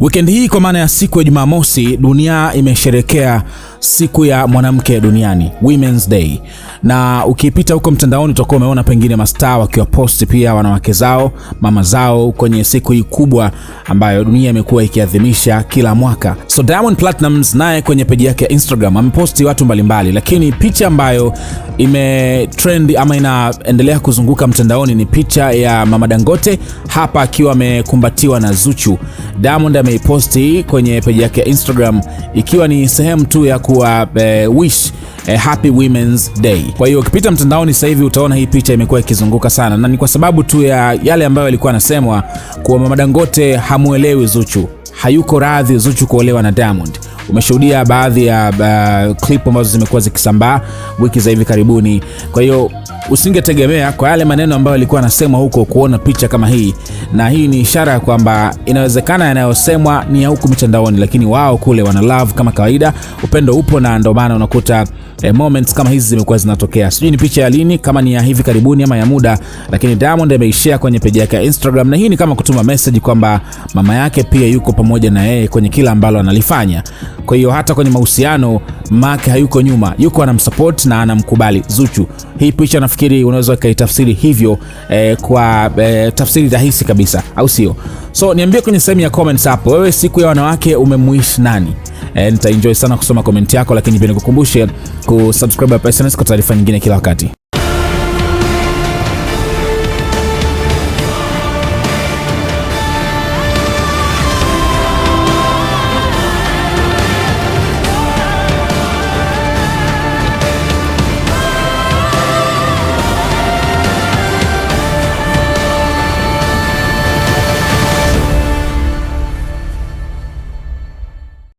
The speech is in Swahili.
Wikendi hii kwa maana ya siku ya Jumamosi, dunia imesherekea siku ya mwanamke duniani, Women's Day, na ukipita huko mtandaoni utakuwa umeona pengine mastaa wakiwa posti pia wanawake zao, mama zao kwenye siku hii kubwa ambayo dunia imekuwa ikiadhimisha kila mwaka. So Diamond Platnumz naye kwenye peji yake ya Instagram ameposti watu mbalimbali, lakini picha ambayo imetrend ama inaendelea kuzunguka mtandaoni ni picha ya mama Dangote hapa akiwa amekumbatiwa na Zuchu Diamond ameiposti kwenye peji yake ya Instagram ikiwa ni sehemu tu ya kuwa e, wish e, happy women's day. Kwa hiyo ukipita mtandaoni sasa hivi utaona hii picha imekuwa ikizunguka sana, na ni kwa sababu tu ya yale ambayo alikuwa anasemwa kuwa Mama Dangote hamuelewi Zuchu, hayuko radhi Zuchu kuolewa na Diamond. Umeshuhudia baadhi ya uh, clip ambazo zimekuwa zikisambaa wiki za hivi karibuni, kwa hiyo usingetegemea kwa yale maneno ambayo alikuwa anasema huko kuona picha kama hii, na hii ni ishara ya kwamba inawezekana yanayosemwa ni ya huku mitandaoni, lakini wao kule wana love kama kawaida, upendo upo, na ndio maana unakuta eh, moments kama hizi zimekuwa zinatokea. Sijui ni picha ya lini, kama ni ya hivi karibuni ama ya muda, lakini Diamond ameishare kwenye peji yake ya Instagram, na hii ni kama kutuma message kwamba mama yake pia yuko pamoja na yeye kwenye kila ambalo analifanya. Kwa hiyo hata kwenye mahusiano Mark hayuko nyuma, yuko anamsupport na anamkubali Zuchu. Hii picha nafikiri unaweza ukaitafsiri hivyo eh, kwa eh, tafsiri rahisi kabisa, au sio? So niambie kwenye sehemu ya comments hapo, wewe siku ya wanawake umemwish nani? Eh, nitaenjoy sana kusoma comment yako, lakini pia nikukumbushe kusubscribe hapa SnS kwa taarifa nyingine kila wakati.